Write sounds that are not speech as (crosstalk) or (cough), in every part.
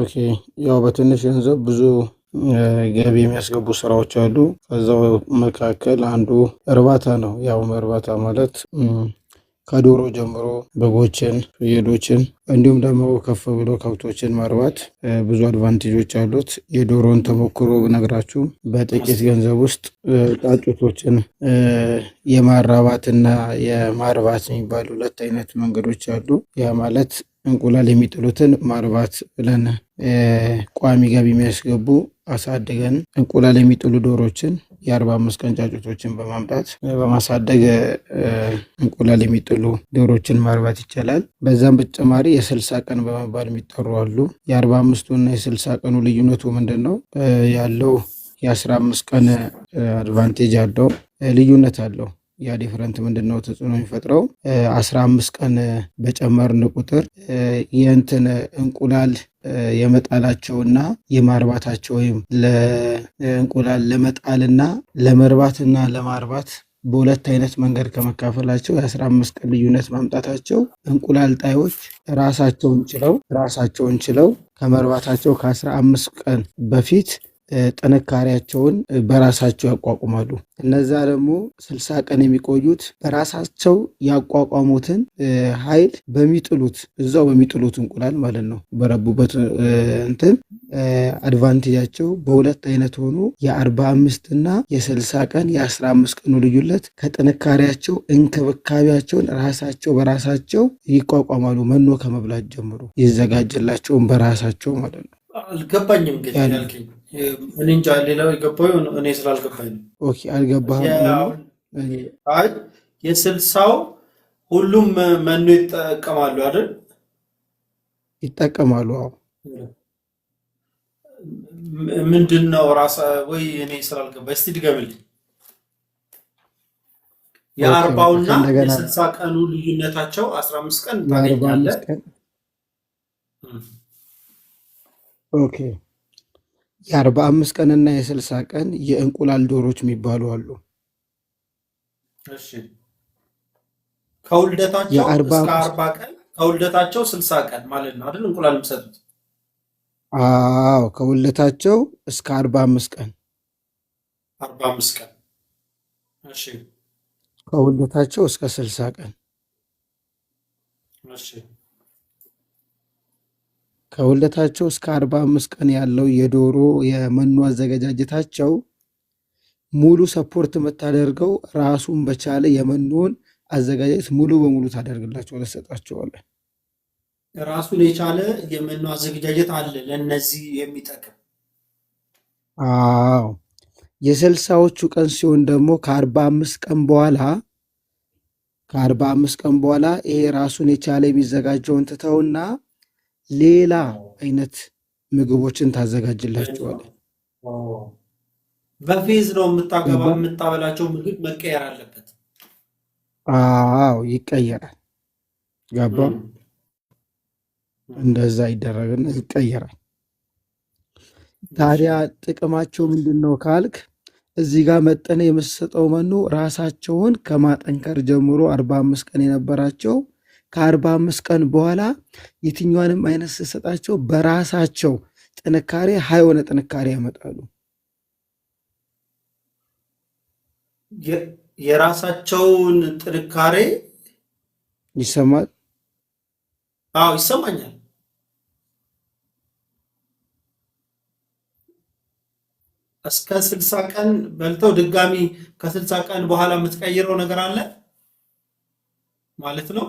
ኦኬ ያው በትንሽ ገንዘብ ብዙ ገቢ የሚያስገቡ ስራዎች አሉ። ከዛው መካከል አንዱ እርባታ ነው። ያው እርባታ ማለት ከዶሮ ጀምሮ በጎችን፣ ፍየሎችን እንዲሁም ደግሞ ከፍ ብሎ ከብቶችን ማርባት ብዙ አድቫንቴጆች አሉት። የዶሮን ተሞክሮ ብነግራችሁ በጥቂት ገንዘብ ውስጥ ጫጩቶችን የማራባትና የማርባት የሚባሉ ሁለት አይነት መንገዶች አሉ። ያ ማለት እንቁላል የሚጥሉትን ማርባት ብለን ቋሚ ገቢ የሚያስገቡ አሳድገን እንቁላል የሚጥሉ ዶሮችን የአርባ አምስት ቀን ጫጩቶችን በማምጣት በማሳደግ እንቁላል የሚጥሉ ዶሮችን ማርባት ይቻላል። በዛም በተጨማሪ የስልሳ ቀን በመባል የሚጠሩ አሉ። የአርባ እና የስልሳ ቀኑ ልዩነቱ ምንድን ነው ያለው? የአስራ አምስት ቀን አድቫንቴጅ አለው፣ ልዩነት አለው። ያ ዲፍረንት ምንድን ነው ተጽዕኖ የሚፈጥረው? አስራ አምስት ቀን በጨመርን ቁጥር የእንትን እንቁላል የመጣላቸውና የማርባታቸው ወይም ለእንቁላል ለመጣልና ለመርባትና ለማርባት በሁለት አይነት መንገድ ከመካፈላቸው የአስራ አምስት ቀን ልዩነት ማምጣታቸው እንቁላል ጣዮች ራሳቸውን ችለው ራሳቸውን ችለው ከመርባታቸው ከአስራ አምስት ቀን በፊት ጥንካሬያቸውን በራሳቸው ያቋቁማሉ። እነዛ ደግሞ ስልሳ ቀን የሚቆዩት በራሳቸው ያቋቋሙትን ኃይል በሚጥሉት እዛው በሚጥሉት እንቁላል ማለት ነው በረቡበት እንትን አድቫንቴጃቸው በሁለት አይነት ሆኖ የአርባ አምስት እና የስልሳ ቀን የአስራ አምስት ቀኑ ልዩነት ከጥንካሬያቸው እንክብካቤያቸውን ራሳቸው በራሳቸው ይቋቋማሉ። መኖ ከመብላት ጀምሮ ይዘጋጅላቸውን በራሳቸው ማለት ነው። አልገባኝም ግን ያልከኝ እኔ እንጃ ሌላው የገባው እኔ ስላልገባኝ ነው። አልገባህም? የስልሳው ሁሉም መኖ ይጠቀማሉ አይደል? ይጠቀማሉ። አዎ። ምንድን ነው ወይ እኔ ስላልገባ እስቲ ድገምልኝ። የአርባውና የስልሳ ቀኑ ልዩነታቸው አስራ አምስት ቀን ታገኛለህ። ኦኬ የአርባ አምስት ቀንና የስልሳ ቀን የእንቁላል ዶሮች የሚባሉ አሉ። ከውልደታቸው ስልሳ ቀን ማለት ነው አይደል? እንቁላል የሚሰጡት አዎ፣ ከውልደታቸው እስከ አርባ አምስት ቀን አርባ አምስት ቀን ከውልደታቸው እስከ ስልሳ ቀን ከውልደታቸው እስከ አርባ አምስት ቀን ያለው የዶሮ የመኖ አዘገጃጀታቸው ሙሉ ሰፖርት የምታደርገው ራሱን በቻለ የመኖን አዘጋጀት ሙሉ በሙሉ ታደርግላቸው ለሰጣቸዋለን። ራሱን የቻለ የመኖ አዘገጃጀት አለ ለእነዚህ የሚጠቅም። አዎ የስልሳዎቹ ቀን ሲሆን ደግሞ ከአርባ አምስት ቀን በኋላ ከአርባ አምስት ቀን በኋላ ይሄ ራሱን የቻለ የሚዘጋጀውን ትተውና ሌላ አይነት ምግቦችን ታዘጋጅላቸዋለህ። በፌዝ ነው የምታገባ የምታበላቸው ምግብ መቀየር አለበት። አዎ ይቀየራል። ገባ እንደዛ ይደረግና ይቀየራል። ታዲያ ጥቅማቸው ምንድን ነው ካልክ እዚህ ጋር መጠነ የምሰጠው መኖ ራሳቸውን ከማጠንከር ጀምሮ አርባ አምስት ቀን የነበራቸው ከአርባ አምስት ቀን በኋላ የትኛዋንም አይነት ስሰጣቸው በራሳቸው ጥንካሬ ሀይሆነ ጥንካሬ ያመጣሉ። የራሳቸውን ጥንካሬ ይሰማል። አዎ ይሰማኛል። እስከ ስልሳ ቀን በልተው ድጋሚ ከስልሳ ቀን በኋላ የምትቀይረው ነገር አለ ማለት ነው።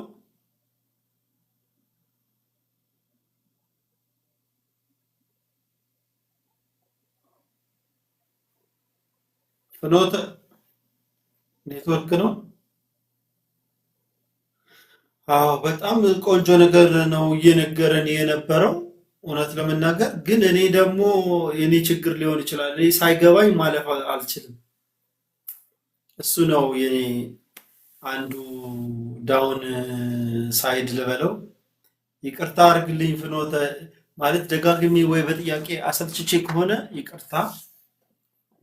ፍኖተ ኔትወርክ ነው። አዎ በጣም ቆንጆ ነገር ነው እየነገረን የነበረው እውነት ለመናገር ግን እኔ ደግሞ የኔ ችግር ሊሆን ይችላል። እኔ ሳይገባኝ ማለፍ አልችልም። እሱ ነው የኔ አንዱ ዳውን ሳይድ ልበለው። ይቅርታ አርግልኝ ፍኖተ ማለት ደጋግሜ ወይ በጥያቄ አሰልችቼ ከሆነ ይቅርታ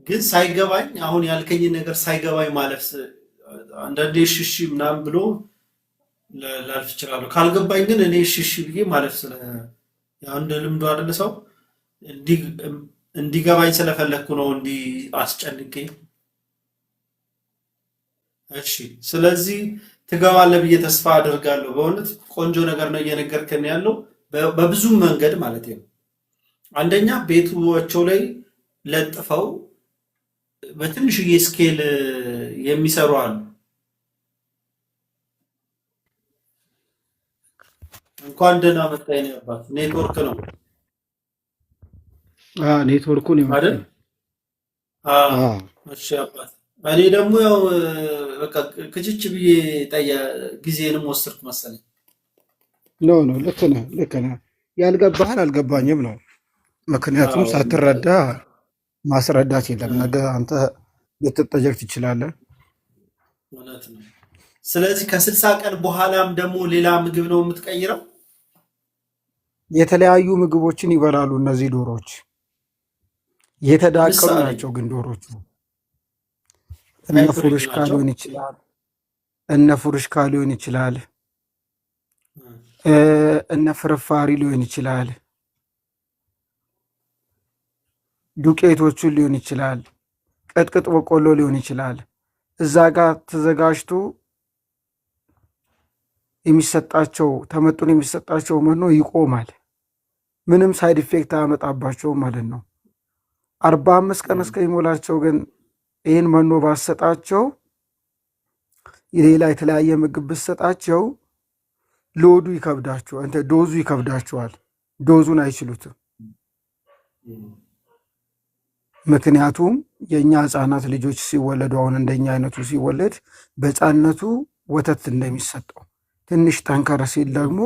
ግን ሳይገባኝ አሁን ያልከኝ ነገር ሳይገባኝ ማለፍ አንዳንዴ ሽሺ ምናምን ብሎ ላልፍ ይችላሉ። ካልገባኝ ግን እኔ ሽሺ ብዬ ማለፍ ስለ እንደ ልምዱ ሰው እንዲገባኝ ስለፈለግኩ ነው እንዲህ አስጨንቄ። እሺ፣ ስለዚህ ትገባለህ ብዬ ተስፋ አደርጋለሁ። በእውነት ቆንጆ ነገር ነው እየነገርከን ያለው በብዙ መንገድ ማለት ነው። አንደኛ ቤቶቻቸው ላይ ለጥፈው በትንሽዬ ስኬል የሚሰሩ አሉ። እንኳን ደህና መጣ ነው ያባት ኔትወርክ ነው ኔትወርኩ አይደል? እሺ አባት። እኔ ደግሞ ያው በቃ ክችች ብዬ ጠያ ጊዜንም ወስድክ መሰለኝ። ኖ ኖ፣ ልክ ነህ፣ ልክ ነህ። ያልገባህን አልገባኝም ነው ምክንያቱም ሳትረዳ ማስረዳት የለም። ነገ አንተ ልትጠየቅ ትችላለህ። እውነት ነው። ስለዚህ ከስልሳ ቀን በኋላም ደግሞ ሌላ ምግብ ነው የምትቀይረው። የተለያዩ ምግቦችን ይበላሉ እነዚህ ዶሮዎች። የተዳቀሉ ናቸው ግን ዶሮቹ እነ ፉርሽካ ሊሆን ይችላል፣ እነ ፉርሽካ ሊሆን ይችላል፣ እነ ፍርፋሪ ሊሆን ይችላል ዱቄቶቹን ሊሆን ይችላል፣ ቅጥቅጥ በቆሎ ሊሆን ይችላል። እዛ ጋር ተዘጋጅቶ የሚሰጣቸው ተመጡን የሚሰጣቸው መኖ ይቆማል። ምንም ሳይድ ኢፌክት አያመጣባቸውም ማለት ነው። አርባ አምስት ቀን እስከሚሞላቸው ግን ይህን መኖ ባሰጣቸው ሌላ የተለያየ ምግብ ብሰጣቸው ሎዱ ይከብዳቸዋል፣ ዶዙ ይከብዳቸዋል። ዶዙን አይችሉትም። ምክንያቱም የእኛ ህፃናት ልጆች ሲወለዱ አሁን እንደኛ አይነቱ ሲወለድ በህፃነቱ ወተት እንደሚሰጠው ትንሽ ጠንከር ሲል ደግሞ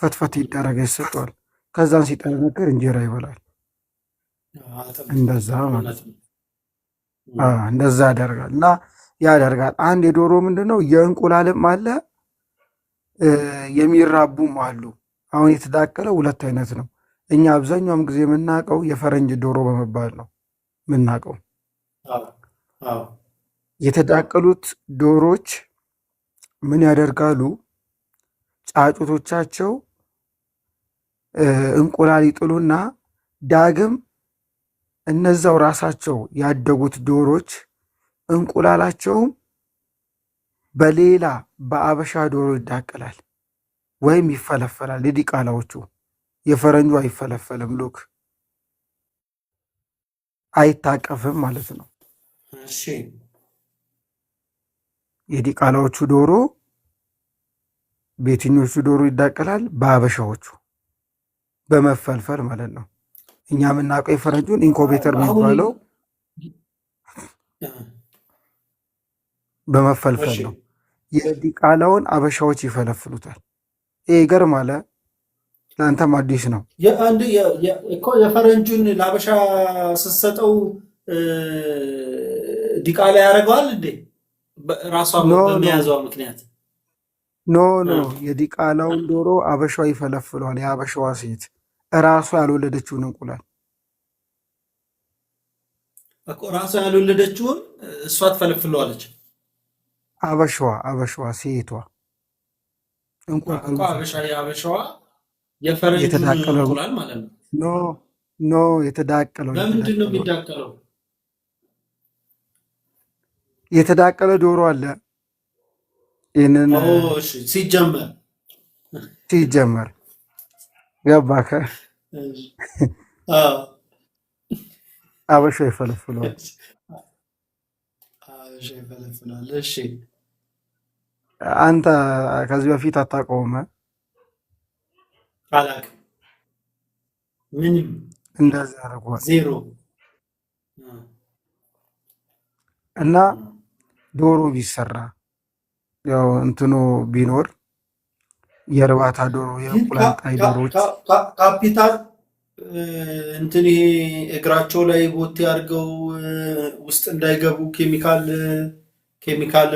ፈትፈት ይደረገ ይሰጠዋል። ከዛን ሲጠነክር እንጀራ ይበላል። እንደዛ ማለት ነው። እንደዛ ያደርጋል እና ያደርጋል። አንድ የዶሮ ምንድን ነው የእንቁላልም አለ የሚራቡም አሉ። አሁን የተዳቀለው ሁለት አይነት ነው። እኛ አብዛኛውም ጊዜ የምናውቀው የፈረንጅ ዶሮ በመባል ነው። የምናውቀው። የተዳቀሉት ዶሮዎች ምን ያደርጋሉ? ጫጩቶቻቸው እንቁላል ይጥሉና ዳግም እነዛው ራሳቸው ያደጉት ዶሮች እንቁላላቸውም በሌላ በአበሻ ዶሮ ይዳቀላል ወይም ይፈለፈላል። የዲቃላዎቹ የፈረንጁ አይፈለፈልም ሉክ አይታቀፍም ማለት ነው። የዲቃላዎቹ ዶሮ በየትኞቹ ዶሮ ይዳቀላል? በአበሻዎቹ በመፈልፈል ማለት ነው። እኛ የምናውቀው የፈረንጁን ኢንኮቤተር የሚባለው በመፈልፈል ነው። የዲቃላውን አበሻዎች ይፈለፍሉታል። ይሄ ገርም አለ ለአንተም አዲስ ነው እኮ የፈረንጁን ለአበሻ ስትሰጠው ዲቃላ ያደርገዋል እንዴ? ራሷ በሚያዘዋ ምክንያት ኖ ኖ የዲቃላውን ዶሮ አበሻ ይፈለፍለዋል። የአበሻዋ ሴት እራሷ ያልወለደችውን እንቁላል ራሷ ያልወለደችውን እሷ ትፈለፍለዋለች። አበሻዋ አበሻዋ ሴቷ እንቁላል አበሻዋ የፈረንጅ እንቁላል ማለት ነው። ኖ ኖ የተዳቀለው በምንድን ነው የሚዳቀለው? የተዳቀለ ዶሮ አለ። ይህንን ሲጀመር ሲጀመር ገባከ (laughs) አበሻ ይፈለፍለዋል። አንተ ከዚህ በፊት አታውቀውም። አላውቅም። ምንም እንደዛ አድርጓል። ዜሮ እና ዶሮ ቢሰራ ያው እንትኑ ቢኖር የእርባታ ዶሮ የእንቁላልጣይ ዶሮዎች ካፒታል እንትን ይሄ እግራቸው ላይ ቦቴ አድርገው ውስጥ እንዳይገቡ ኬሚካል ኬሚካል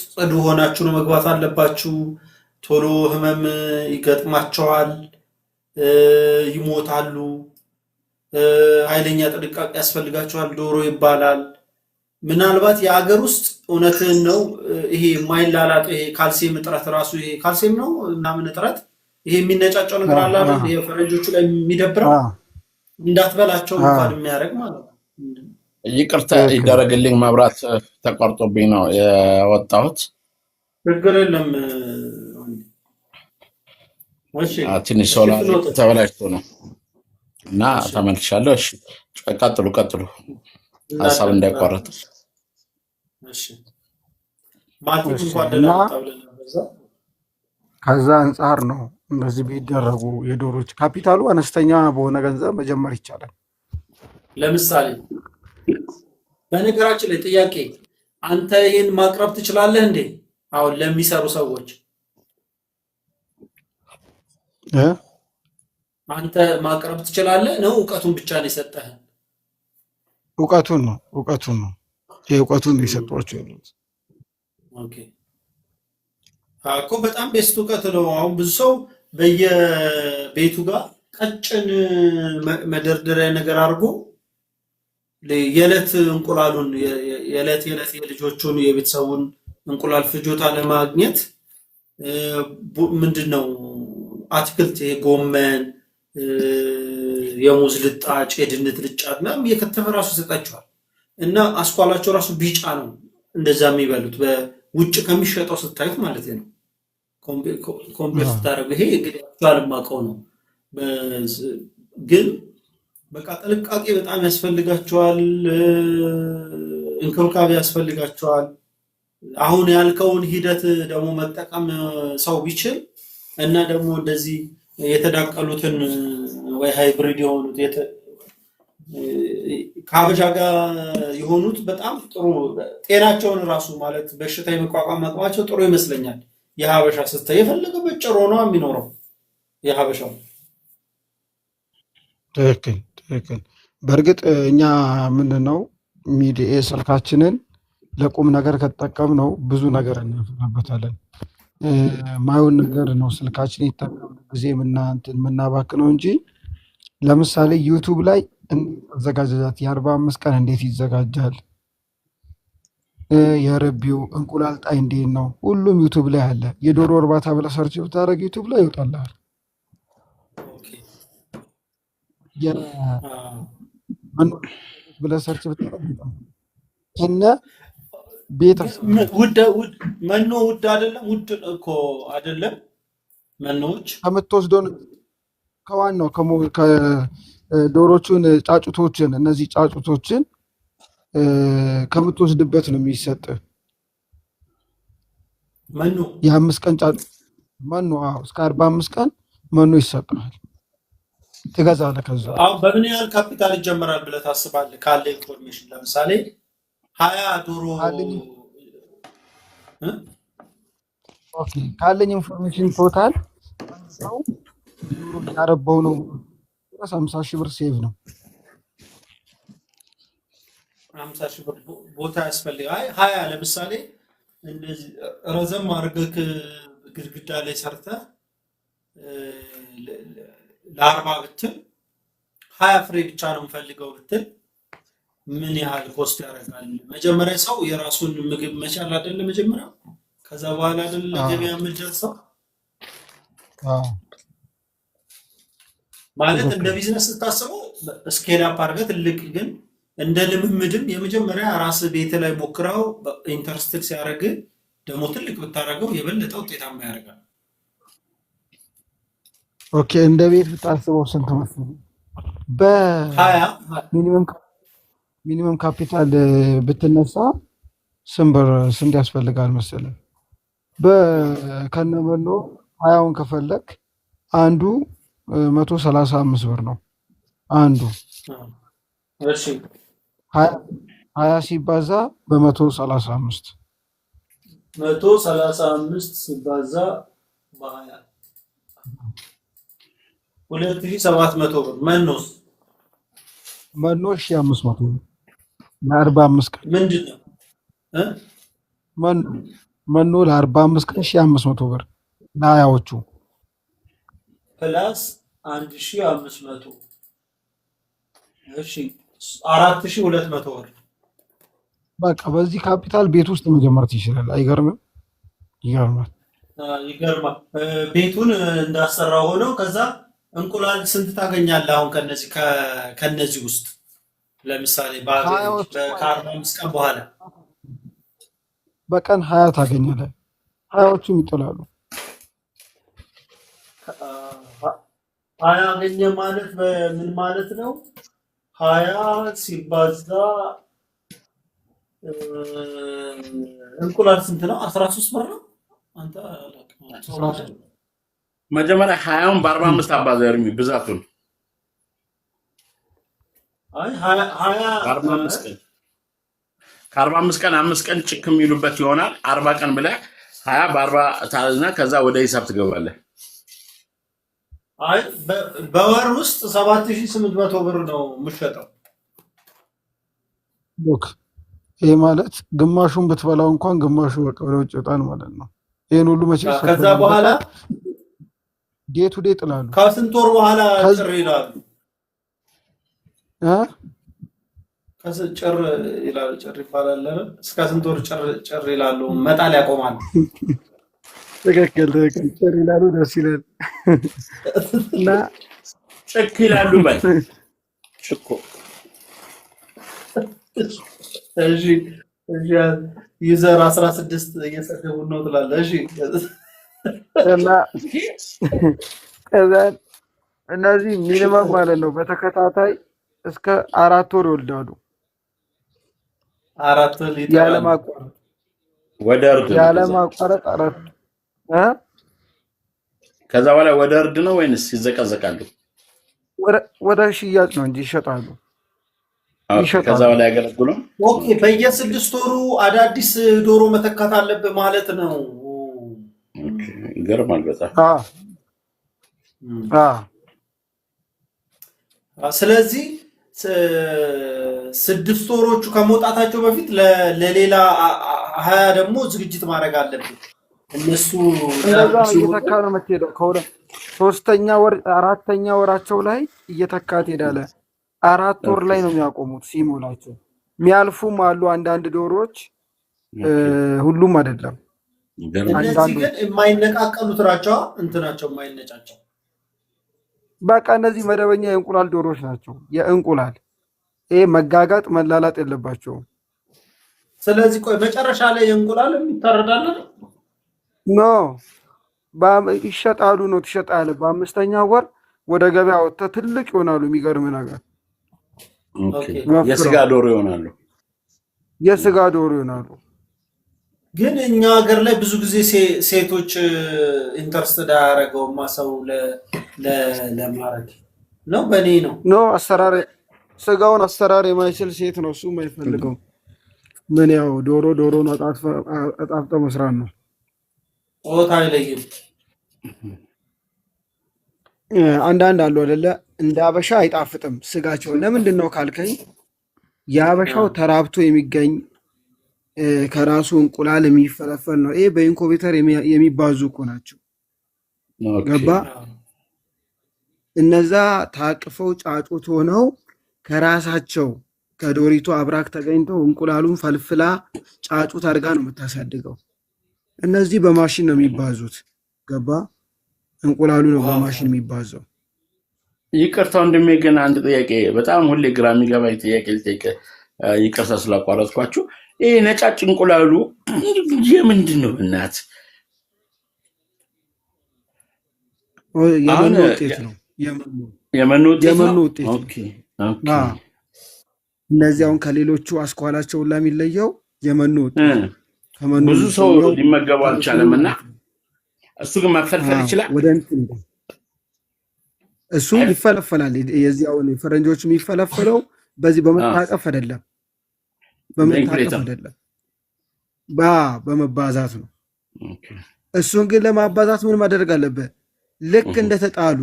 ጽዱ ሆናችሁ ነው መግባት አለባችሁ። ቶሎ ህመም ይገጥማቸዋል፣ ይሞታሉ። ኃይለኛ ጥንቃቄ ያስፈልጋቸዋል። ዶሮ ይባላል። ምናልባት የአገር ውስጥ እውነትህን ነው። ይሄ የማይላላጥ ይሄ ካልሲየም እጥረት ራሱ ይሄ ካልሲየም ነው ምናምን እጥረት ይሄ የሚነጫጨው ነገር አለ የፈረንጆቹ ላይ የሚደብረው እንዳትበላቸው እንኳን የሚያደርግ ማለት ነው። ይቅርታ ይደረግልኝ፣ መብራት ተቋርጦብኝ ነው የወጣሁት። ችግር የለም። ትንሽ ሰው ተበላሽቶ ነው እና ተመልሻለሁ። እሺ ቀጥሉ፣ ቀጥሉ ሀሳብ እንዳይቋረጥ። ከዛ አንጻር ነው እንደዚህ ቢደረጉ የዶሮች ካፒታሉ አነስተኛ በሆነ ገንዘብ መጀመር ይቻላል። ለምሳሌ በነገራችን ላይ ጥያቄ አንተ ይህን ማቅረብ ትችላለህ እንዴ? አሁን ለሚሰሩ ሰዎች አንተ ማቅረብ ትችላለህ ነው? እውቀቱን ብቻ ነው የሰጠህን? እውቀቱን ነው እውቀቱን ነው የእውቀቱን ነው የሰጧቸው ያሉት እኮ በጣም ቤስት እውቀት ነው። አሁን ብዙ ሰው በየቤቱ ጋር ቀጭን መደርደሪያ ነገር አድርጎ የዕለት እንቁላሉን የዕለት የዕለት የልጆቹን የቤተሰቡን እንቁላል ፍጆታ ለማግኘት ምንድን ነው አትክልት ጎመን፣ የሙዝ ልጣጭ፣ የድንት ልጫጭ ምናምን እየከተፈ ራሱ ይሰጣቸዋል እና አስኳላቸው ራሱ ቢጫ ነው። እንደዛ የሚበሉት በውጭ ከሚሸጠው ስታዩት ማለት ነው። ኮምፒር ስታደረጉ ይሄ እንግዲህ አልማቀው ነው። ግን በቃ ጥንቃቄ በጣም ያስፈልጋቸዋል፣ እንክብካቤ ያስፈልጋቸዋል። አሁን ያልከውን ሂደት ደግሞ መጠቀም ሰው ቢችል እና ደግሞ እንደዚህ የተዳቀሉትን ወይ ሃይብሪድ የሆኑት ከአበሻ ጋር የሆኑት በጣም ጥሩ ጤናቸውን ራሱ ማለት በሽታ የመቋቋም አቅማቸው ጥሩ ይመስለኛል። የሀበሻ ስተ የፈለገበት ጭሮ ነው የሚኖረው። የሀበሻው ትክክል ትክክል። በእርግጥ እኛ ምንድን ነው ሚዲኤ ስልካችንን ለቁም ነገር ነው ብዙ ነገር እናፈራበታለን። ማየውን ነገር ነው ስልካችን የታገሉ ጊዜ የምናባክ ነው እንጂ ለምሳሌ ዩቱብ ላይ አዘጋጃጃት የአርባ አምስት ቀን እንዴት ይዘጋጃል? የረቢው እንቁላል ጣይ እንዴት ነው? ሁሉም ዩቱብ ላይ አለ። የዶሮ እርባታ ብለህ ሰርች ብታደርግ ዩቱብ ላይ ይወጣልሃል። ብለህ ሰርች ብታደርግ ከነ መኖ ውድ አይደለም፣ ውድ እኮ አይደለም። መኖዎች ከምትወስደውን ከዋናው ዶሮቹን ጫጩቶችን እነዚህ ጫጩቶችን ከምትወስድበት ነው የሚሰጥ መኖ። የአምስት ቀን መኖ እስከ አርባ አምስት ቀን መኖ ይሰጣል ትገዛለህ። ከዛ በምን ያህል ካፒታል ይጀምራል ብለህ ታስባለህ? ካለ ኢንፎርሜሽን ለምሳሌ ሀያ ዶሮ ካለኝ ኢንፎርሜሽን ቶታል ያረባው ነው ድረስ ሀምሳ ሺህ ብር ሴቭ ነው። ሀምሳ ሺህ ብር ቦታ ያስፈልጋል። ሀያ ለምሳሌ እንደዚህ ረዘም አድርገህ ግድግዳ ላይ ሰርተህ ለአርባ ብትል ሀያ ፍሬ ብቻ ነው የምፈልገው ብትል ምን ያህል ኮስት ያደርጋል? መጀመሪያ ሰው የራሱን ምግብ መቻል አይደለ? መጀመሪያ ከዛ በኋላ አይደለ ገበያ የምንደርሰው። ማለት እንደ ቢዝነስ ስታስበው ስኬል አፕ አድርገህ ትልቅ፣ ግን እንደ ልምምድም የመጀመሪያ ራስ ቤት ላይ ሞክረው ኢንተርስትድ ሲያደርግ ደግሞ ትልቅ ብታደርገው የበለጠ ውጤታማ ያደርጋል። ኦኬ እንደ ቤት ብታስበው ስንት መስሎኝ በሀያ ሚኒመም ሚኒመም ካፒታል ብትነሳ ስንት ብር ስንት ያስፈልጋል መሰለህ? ከነመላው ሀያውን ከፈለክ አንዱ መቶ ሰላሳ አምስት ብር ነው። አንዱ ሀያ ሲባዛ በመቶ ሰላሳ አምስት መቶ ሰላሳ አምስት ሲባዛ በሀያ ሁለት ሺህ ሰባት መቶ ብር መኖ መኖ ሺህ አምስት መቶ ብር ለአርባ አምስት ቀን ምንድን ነው መኖ ለአርባ አምስት ቀን ሺ አምስት መቶ ብር ለሀያዎቹ ፕላስ አንድ አምስት መቶ እሺ አራት ሁለት መቶ ብር በቃ በዚህ ካፒታል ቤት ውስጥ መጀመር ትችላለህ። አይገርምም? ይገርማል። ይገርማል። ቤቱን እንዳሰራ ሆነው ከዛ እንቁላል ስንት ታገኛለህ? አሁን ከነዚህ ውስጥ ለምሳሌ ከአርባ አምስት ቀን በኋላ በቀን ሀያ ታገኛለህ። ሀያዎቹም ይጥላሉ። ሀያ አገኘ ማለት ምን ማለት ነው? ሀያ ሲባዛ እንቁላል ስንት ነው? አስራ ሶስት ብር ነው። አንተ መጀመሪያ ሀያውን በአርባ አምስት አባዛ ብዛቱን ከአርባ አምስት ቀን አምስት ቀን ጭክ የሚሉበት ይሆናል። አርባ ቀን ብለህ ሀያ በአርባ ታዝና ከዛ ወደ ሂሳብ ትገባለህ። በወር ውስጥ ሰባት ሺህ ስምንት መቶ ብር ነው የምሸጠው። ይህ ማለት ግማሹን ብትበላው እንኳን ግማሹ በቃ ወደ ውጭ ይወጣል ማለት ነው። ይህን ሁሉ መቼ ከዛ በኋላ ዴቱ ዴ ጥላሉ ከስንት ወር በኋላ ጭር ይላሉ። ጭር ይላሉ። ጭር ይባላል። እስከ ስንት ወር ጭር ይላሉ? መጣል ያቆማል። ትክክል ትክክል። ጭር ይላሉ። ደስ ይላል። እና ጭክ ይላሉ። በል እሺ ዩዘር አስራ ስድስት ነው ትላለህ። እሺ እና እነዚህ ሚኒመም ማለት ነው በተከታታይ እስከ አራት ወር ይወልዳሉ። አራት ወር ያለማቋረጥ ወደ እርድ ያለማቋረጥ አራት እ ከዛ በኋላ ወደ እርድ ነው ወይንስ ይዘቀዘቃሉ? ወደ ሽያጭ ነው እንጂ ይሸጣሉ። ከዛ በኋላ ያገለግሉ። ኦኬ፣ በየስድስት ወሩ አዳዲስ ዶሮ መተካት አለብህ ማለት ነው። ይገርማል በጣም ስለዚህ ስድስት ወሮቹ ከመውጣታቸው በፊት ለሌላ ሀያ ደግሞ ዝግጅት ማድረግ አለብን። እነሱ እየተካ ነው የምትሄደው። ሶስተኛ ወር አራተኛ ወራቸው ላይ እየተካ ትሄዳለ። አራት ወር ላይ ነው የሚያቆሙት ሲሞላቸው። የሚያልፉም አሉ አንዳንድ ዶሮዎች፣ ሁሉም አይደለም። እነዚህ ግን የማይነቃቀሉት ናቸው። እንትናቸው የማይነጫቸው በቃ እነዚህ መደበኛ የእንቁላል ዶሮዎች ናቸው። የእንቁላል ይሄ መጋጋጥ መላላጥ የለባቸውም። ስለዚህ ቆይ መጨረሻ ላይ የእንቁላል ይታረዳል ኖ ይሸጣሉ ነው ትሸጣለ በአምስተኛ ወር ወደ ገበያ ወጥተ ትልቅ ይሆናሉ። የሚገርም ነገር የስጋ ዶሮ ይሆናሉ። የስጋ ዶሮ ይሆናሉ። ግን እኛ ሀገር ላይ ብዙ ጊዜ ሴቶች ኢንተርስትድ አያደርገውማ ሰው ለማረግ ነው። በእኔ ነው ኖ አሰራር ስጋውን አሰራር የማይችል ሴት ነው እሱ የማይፈልገው ምን ያው ዶሮ ዶሮ ነው፣ አጣፍጦ መስራት ነው። ጾታ አይለይም። አንዳንድ አሉ አይደለ እንደ አበሻ አይጣፍጥም ስጋቸውን። ለምንድን ነው ካልከኝ የአበሻው ተራብቶ የሚገኝ ከራሱ እንቁላል የሚፈለፈል ነው። ይሄ በኢንኩቤተር የሚባዙ እኮ ናቸው። ገባ? እነዛ ታቅፈው ጫጩት ሆነው ከራሳቸው ከዶሪቱ አብራክ ተገኝተው እንቁላሉን ፈልፍላ ጫጩት አድርጋ ነው የምታሳድገው። እነዚህ በማሽን ነው የሚባዙት። ገባ? እንቁላሉ ነው በማሽን የሚባዘው። ይቅርታ ወንድሜ፣ ግን አንድ ጥያቄ በጣም ሁሌ ግራ የሚገባኝ ጥያቄ ይቅርታ ስላቋረጥኳችሁ ይሄ ነጫጭ እንቁላሉ (clears throat) የምንድን ነው? እናት የመኖ ውጤት ነው። የመኖ ውጤት እነዚህ አሁን ከሌሎቹ አስኳላቸውን ለሚለየው የመኖ ውጤት ብዙ ሰው ሊመገቡ አልቻለም እና እሱ ግን መፈልፈል ይችላል። እሱ ይፈለፈላል። የዚያውን ፈረንጆች የሚፈለፈለው በዚህ በመታቀፍ አይደለም። በመታቀፍ አይደለም፣ በመባዛት ነው። እሱን ግን ለማባዛት ምን ማድረግ አለበት? ልክ እንደተጣሉ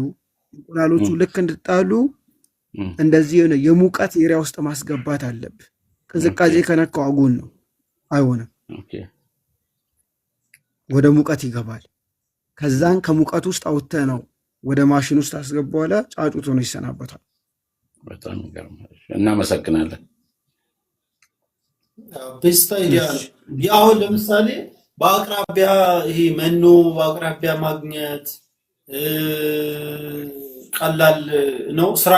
እንቁላሎቹ ልክ እንደተጣሉ እንደዚህ የሆነ የሙቀት ኤሪያ ውስጥ ማስገባት አለብ ቅዝቃዜ ከነካው አጉን ነው፣ አይሆንም፣ ወደ ሙቀት ይገባል። ከዛን ከሙቀት ውስጥ አውተ ነው ወደ ማሽን ውስጥ በኋላ ጫጩት ሆኖ ይሰናበታል። በጣም እናመሰግናለን። ቤስት አይዲያ አሁን ለምሳሌ በአቅራቢያ ይሄ መኖ በአቅራቢያ ማግኘት ቀላል ነው፣ ስራ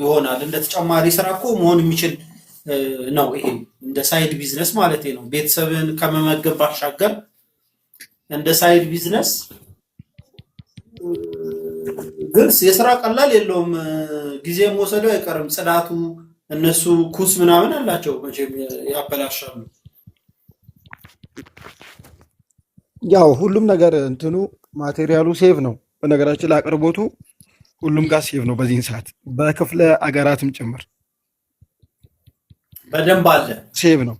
ይሆናል። እንደ ተጨማሪ ስራ እኮ መሆን የሚችል ነው። ይሄ እንደ ሳይድ ቢዝነስ ማለት ነው። ቤተሰብን ከመመገብ ባሻገር እንደ ሳይድ ቢዝነስ ግን የስራ ቀላል የለውም። ጊዜም መውሰዱ አይቀርም። ጽዳቱ እነሱ ኩስ ምናምን አላቸው መቼም ያበላሻሉ። ያው ሁሉም ነገር እንትኑ ማቴሪያሉ ሴቭ ነው። በነገራችን ለአቅርቦቱ ሁሉም ጋር ሴቭ ነው። በዚህን ሰዓት በክፍለ አገራትም ጭምር በደንብ አለ፣ ሴቭ ነው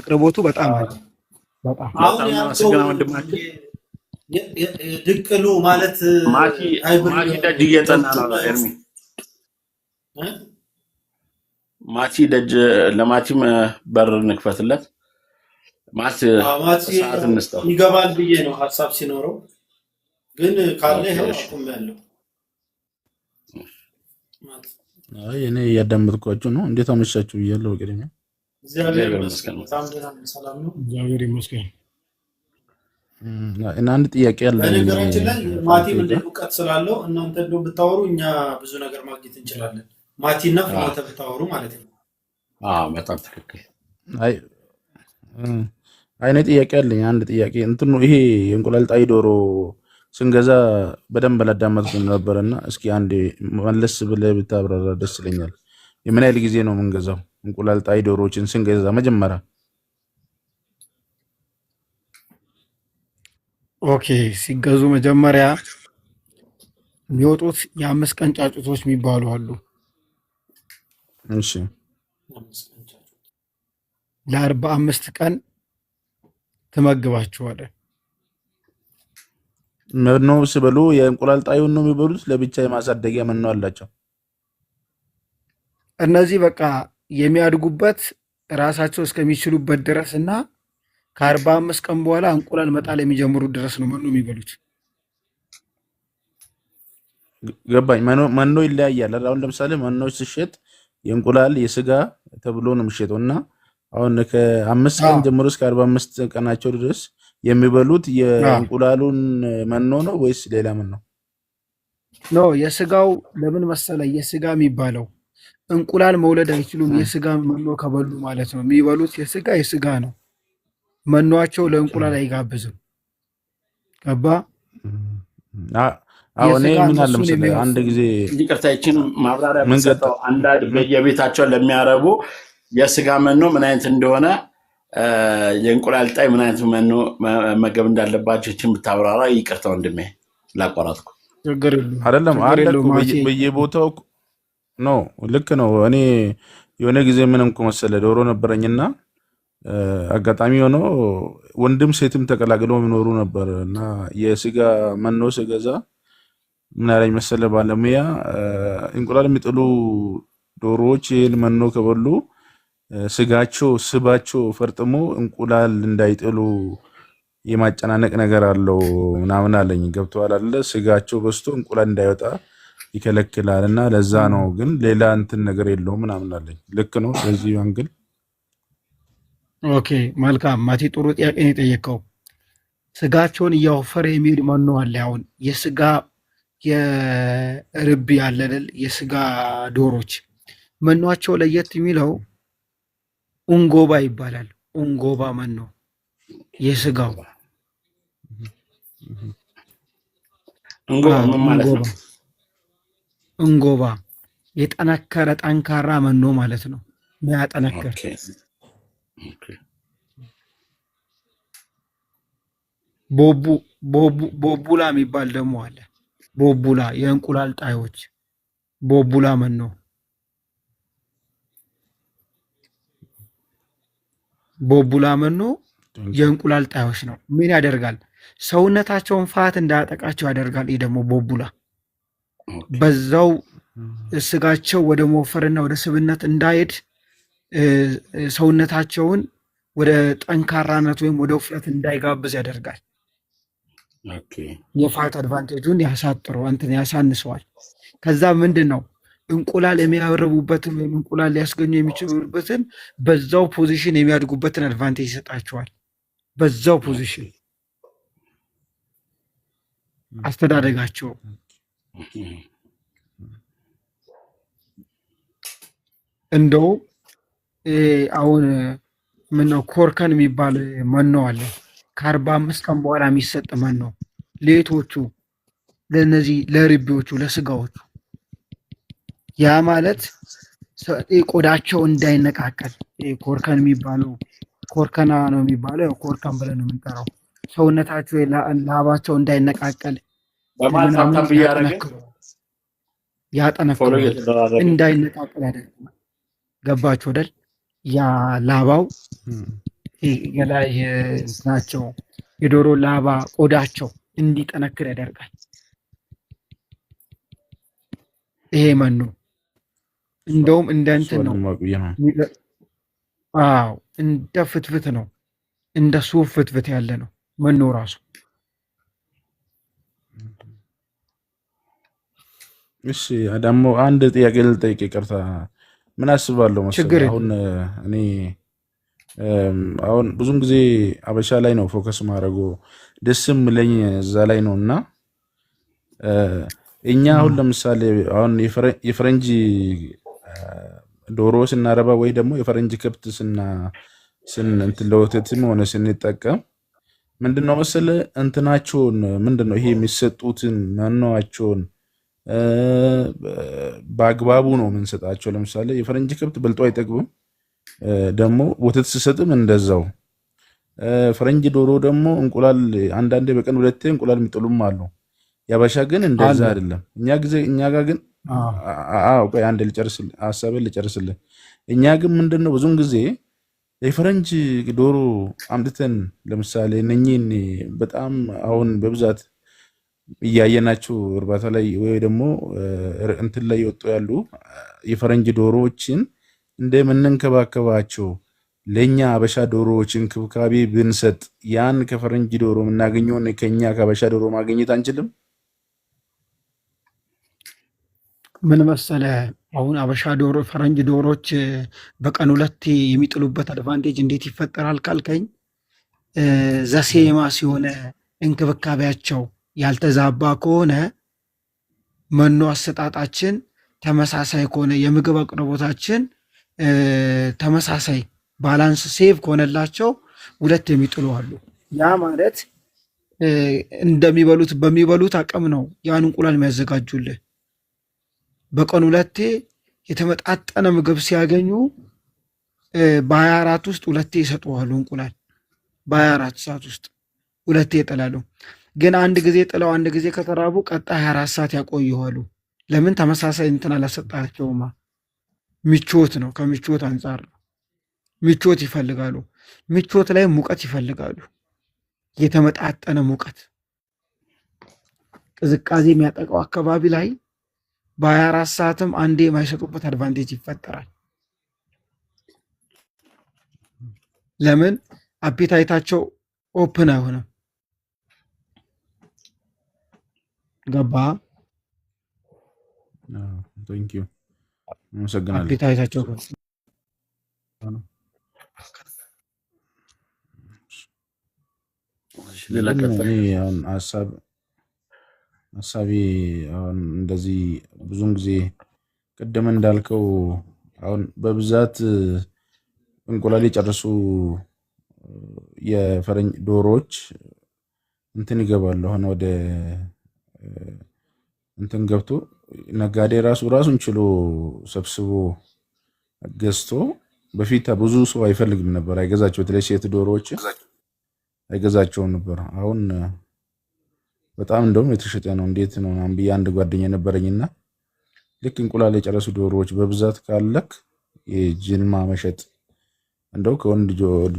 አቅርቦቱ በጣም አለ። ድቅሉ ማለት ማቲ ደጅ እየጠና ነው ኤርሚ ማቲ ደጅ ለማቲም በር እንክፈትለት። ማቲ ሰዓት እንስጠው። ይገባል ብዬ ነው ሀሳብ ሲኖረው ግን ካለ ይኸው ያለው እኔ እያዳመጥኳችሁ ነው። እንዴት አመሻችሁ ብያለሁ። ቅድሚያ እግዚአብሔር ይመስገን፣ እና አንድ ጥያቄ አለ። በነገራችን ላይ ማቲም እንደ እውቀት ስላለው እናንተ ብታወሩ እኛ ብዙ ነገር ማግኘት እንችላለን። ማቲና ፍኖተ ብታወሩ ማለት ነው። በጣም ትክክል። አይነ ጥያቄ አለኝ። አንድ ጥያቄ እንትኑ ይሄ የእንቁላል ጣይ ዶሮ ስንገዛ በደንብ ነበረ እና እስኪ አንድ መለስ ብለህ ብታብራራ ደስ ይለኛል። የምን ያህል ጊዜ ነው የምንገዛው እንቁላል ጣይ ዶሮዎችን ስንገዛ መጀመሪያ? ኦኬ ሲገዙ መጀመሪያ የሚወጡት የአምስት ቀን ጫጩቶች የሚባሉ አሉ። ለአርባ አምስት ቀን ትመግባችኋለህ። መኖ ስበሉ የእንቁላል ጣዩን ነው የሚበሉት። ለብቻ የማሳደጊያ መኖ አላቸው። እነዚህ በቃ የሚያድጉበት ራሳቸው እስከሚችሉበት ድረስ እና ከአርባ አምስት ቀን በኋላ እንቁላል መጣል የሚጀምሩት ድረስ ነው መኖ የሚበሉት። ገባኝ። መኖ ይለያያል። አሁን ለምሳሌ መኖ ሲሸጥ የእንቁላል የስጋ ተብሎ ነው የሚሸጠው እና አሁን ከአምስት ቀን ጀምሮ እስከ አርባ አምስት ቀናቸው ድረስ የሚበሉት የእንቁላሉን መኖ ነው ወይስ ሌላ ምን ነው? ኖ የስጋው ለምን መሰለ የስጋ የሚባለው እንቁላል መውለድ አይችሉም። የስጋ መኖ ከበሉ ማለት ነው። የሚበሉት የስጋ የስጋ ነው። መኗቸው ለእንቁላል አይጋብዝም። ገባ አሁን ምን አለ መሰለህ፣ አንድ ጊዜ ይቅርታችን ማብራሪያ ሰጠው። አንዳንድ በየቤታቸውን ለሚያረቡ የስጋ መኖ ምን አይነት እንደሆነ የእንቁላል ጣይ ምን አይነት መኖ መገብ እንዳለባቸው ይህችን ብታብራራ። ይቅርታ ወንድሜ ላቋረጥኩ። አይደለም በየቦታው ኖ ልክ ነው። እኔ የሆነ ጊዜ ምን እንኩ መሰለህ ዶሮ ነበረኝና አጋጣሚ ሆኖ ወንድም ሴትም ተቀላቅለው የሚኖሩ ነበር እና የስጋ መኖ ስገዛ ምን አለኝ መሰለ ባለሙያ እንቁላል የሚጥሉ ዶሮዎች ይህን መኖ ከበሉ ስጋቸው ስባቸው ፈርጥሞ እንቁላል እንዳይጥሉ የማጨናነቅ ነገር አለው ምናምን አለኝ። ገብተዋል አለ ስጋቸው በስቶ እንቁላል እንዳይወጣ ይከለክላል እና ለዛ ነው ግን ሌላ እንትን ነገር የለውም ምናምን አለኝ። ልክ ነው በዚህ አንግል። ኦኬ መልካም ማቲ፣ ጥሩ ጥያቄ ነው የጠየቀው። ስጋቸውን እያወፈረ የሚሄድ መኖ አለ አሁን የስጋ የርብ ያለልል የስጋ ዶሮች መኗቸው ለየት የሚለው ኡንጎባ ይባላል። ኡንጎባ መኖ የስጋው እንጎባ የጠነከረ ጠንካራ መኖ ማለት ነው። ሚያጠነክር ቦቡ ቦቡላ የሚባል ደግሞ አለ። ቦቡላ የእንቁላል ጣዮች ቦቡላ መኖ ነው? ቦቡላ ምን ነው? የእንቁላል ጣዮች ነው። ምን ያደርጋል? ሰውነታቸውን ፋት እንዳያጠቃቸው ያደርጋል። ይህ ደግሞ ቦቡላ በዛው ስጋቸው ወደ መወፈርና ወደ ስብነት እንዳይሄድ ሰውነታቸውን ወደ ጠንካራነት ወይም ወደ ውፍረት እንዳይጋብዝ ያደርጋል። የፋት አድቫንቴጁን ያሳጥረው እንትን ያሳንሰዋል። ከዛ ምንድን ነው እንቁላል የሚያረቡበትን ወይም እንቁላል ሊያስገኙ የሚችሉበትን በዛው ፖዚሽን የሚያድጉበትን አድቫንቴጅ ይሰጣቸዋል። በዛው ፖዚሽን አስተዳደጋቸው እንደው አሁን ምነው ኮርከን የሚባል መኖ ከአርባ አምስት ቀን በኋላ የሚሰጥ መን ነው? ለየቶቹ ለእነዚህ ለርቤዎቹ ለስጋዎቹ። ያ ማለት ቆዳቸው እንዳይነቃቀል ኮርከን የሚባለው ኮርከና ነው የሚባለው ኮርከን ብለን ነው የምንጠራው። ሰውነታቸው ላባቸው እንዳይነቃቀል ያጠነክሩ እንዳይነቃቀል ያደርጋል። ገባችሁ አይደል? ያ ላባው የላይ ናቸው የዶሮ ላባ ቆዳቸው እንዲጠነክር ያደርጋል። ይሄ መኖ እንደውም እንደ እንትን ነው። አዎ እንደ ፍትፍት ነው፣ እንደ ሱፍ ፍትፍት ያለ ነው መኖ ራሱ። እሺ ደግሞ አንድ ጥያቄ ልጠይቅ፣ ይቅርታ። ምን አስባለሁ መሰለህ አሁን እኔ አሁን ብዙም ጊዜ አበሻ ላይ ነው ፎከስ ማድረገው ደስም ለኝ እዛ ላይ ነው እና እኛ አሁን ለምሳሌ አሁን የፈረንጅ ዶሮ ስናረባ ወይ ደግሞ የፈረንጅ ከብት ለወተትም ሆነ ስንጠቀም ምንድነው መሰለ እንትናቸውን ምንድነው ይሄ የሚሰጡትን መኖዋቸውን በአግባቡ ነው የምንሰጣቸው። ለምሳሌ የፈረንጅ ከብት በልጦ አይጠግብም። ደግሞ ወተት ስሰጥም እንደዛው። ፈረንጅ ዶሮ ደግሞ እንቁላል አንዳንዴ በቀን ሁለቴ እንቁላል የሚጥሉም አሉ። ያበሻ ግን እንደዛ አይደለም። እኛ ጊዜ እኛ ጋር ግን አዎ፣ ቆይ አንዴ ልጨርስል። እኛ ግን ምንድን ነው ጊዜ የፈረንጅ ዶሮ አምጥተን ለምሳሌ እነኚህን በጣም አሁን በብዛት እያየናቸው እርባታ ላይ ወይ ደግሞ እንትን ላይ የወጡ ያሉ የፈረንጅ ዶሮዎችን እንደምንንከባከባቸው ለእኛ አበሻ ዶሮዎች እንክብካቤ ብንሰጥ ያን ከፈረንጅ ዶሮ የምናገኘውን ከኛ ከአበሻ ዶሮ ማግኘት አንችልም? ምን መሰለ፣ አሁን አበሻ ዶሮ ፈረንጅ ዶሮዎች በቀን ሁለት የሚጥሉበት አድቫንቴጅ እንዴት ይፈጠራል ካልከኝ፣ ዘሴማ ሲሆነ እንክብካቤያቸው ያልተዛባ ከሆነ መኖ አሰጣጣችን ተመሳሳይ ከሆነ የምግብ አቅርቦታችን ተመሳሳይ ባላንስ ሴቭ ከሆነላቸው ሁለት የሚጥሉ አሉ። ያ ማለት እንደሚበሉት በሚበሉት አቅም ነው ያን እንቁላል የሚያዘጋጁልህ። በቀን ሁለቴ የተመጣጠነ ምግብ ሲያገኙ በሀያ አራት ውስጥ ሁለቴ ይሰጡዋሉ እንቁላል በሀያ አራት ሰዓት ውስጥ ሁለቴ ይጥላሉ። ግን አንድ ጊዜ ጥለው አንድ ጊዜ ከተራቡ ቀጣይ ሀያ አራት ሰዓት ያቆየዋሉ። ለምን? ተመሳሳይ እንትን አላሰጣቸውማ። ምቾት ነው። ከምቾት አንጻር ነው። ምቾት ይፈልጋሉ። ምቾት ላይ ሙቀት ይፈልጋሉ። የተመጣጠነ ሙቀት ቅዝቃዜ የሚያጠቀው አካባቢ ላይ በሀያ አራት ሰዓትም አንዴ የማይሰጡበት አድቫንቴጅ ይፈጠራል። ለምን አፔታይታቸው ኦፕን አይሆንም? ገባ አመሰግናለሁ። ሀሳብ ሀሳቤ አሁን እንደዚህ ብዙን ጊዜ ቅድም እንዳልከው አሁን በብዛት እንቁላል የጨረሱ የፈረንጅ ዶሮዎች እንትን ይገባሉ አሁን ወደ እንትን ገብቶ ነጋዴ ራሱ ራሱን ችሎ ሰብስቦ ገዝቶ በፊት ብዙ ሰው አይፈልግም ነበር፣ አይገዛቸው። በተለይ ሴት ዶሮዎች አይገዛቸውም ነበር። አሁን በጣም እንደውም የተሸጠ ነው። እንዴት ነው ብዬ አንድ ጓደኛ ነበረኝና ልክ እንቁላል የጨረሱ ዶሮዎች በብዛት ካለክ የጅልማ መሸጥ እንደው ከወንድ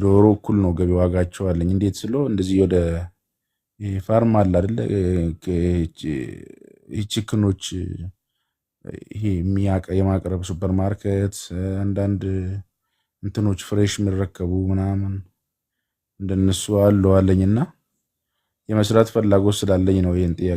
ዶሮ እኩል ነው ገቢ ዋጋቸው አለኝ። እንዴት ስለ እንደዚህ ወደ ፋርም አለ አደለ ችክኖች ይሄ የማቅረብ ሱፐር ማርኬት አንዳንድ እንትኖች ፍሬሽ የሚረከቡ ምናምን እንደነሱ አሉ የመስራት ፍላጎት ስላለኝ ነው ይህን ጥያቄ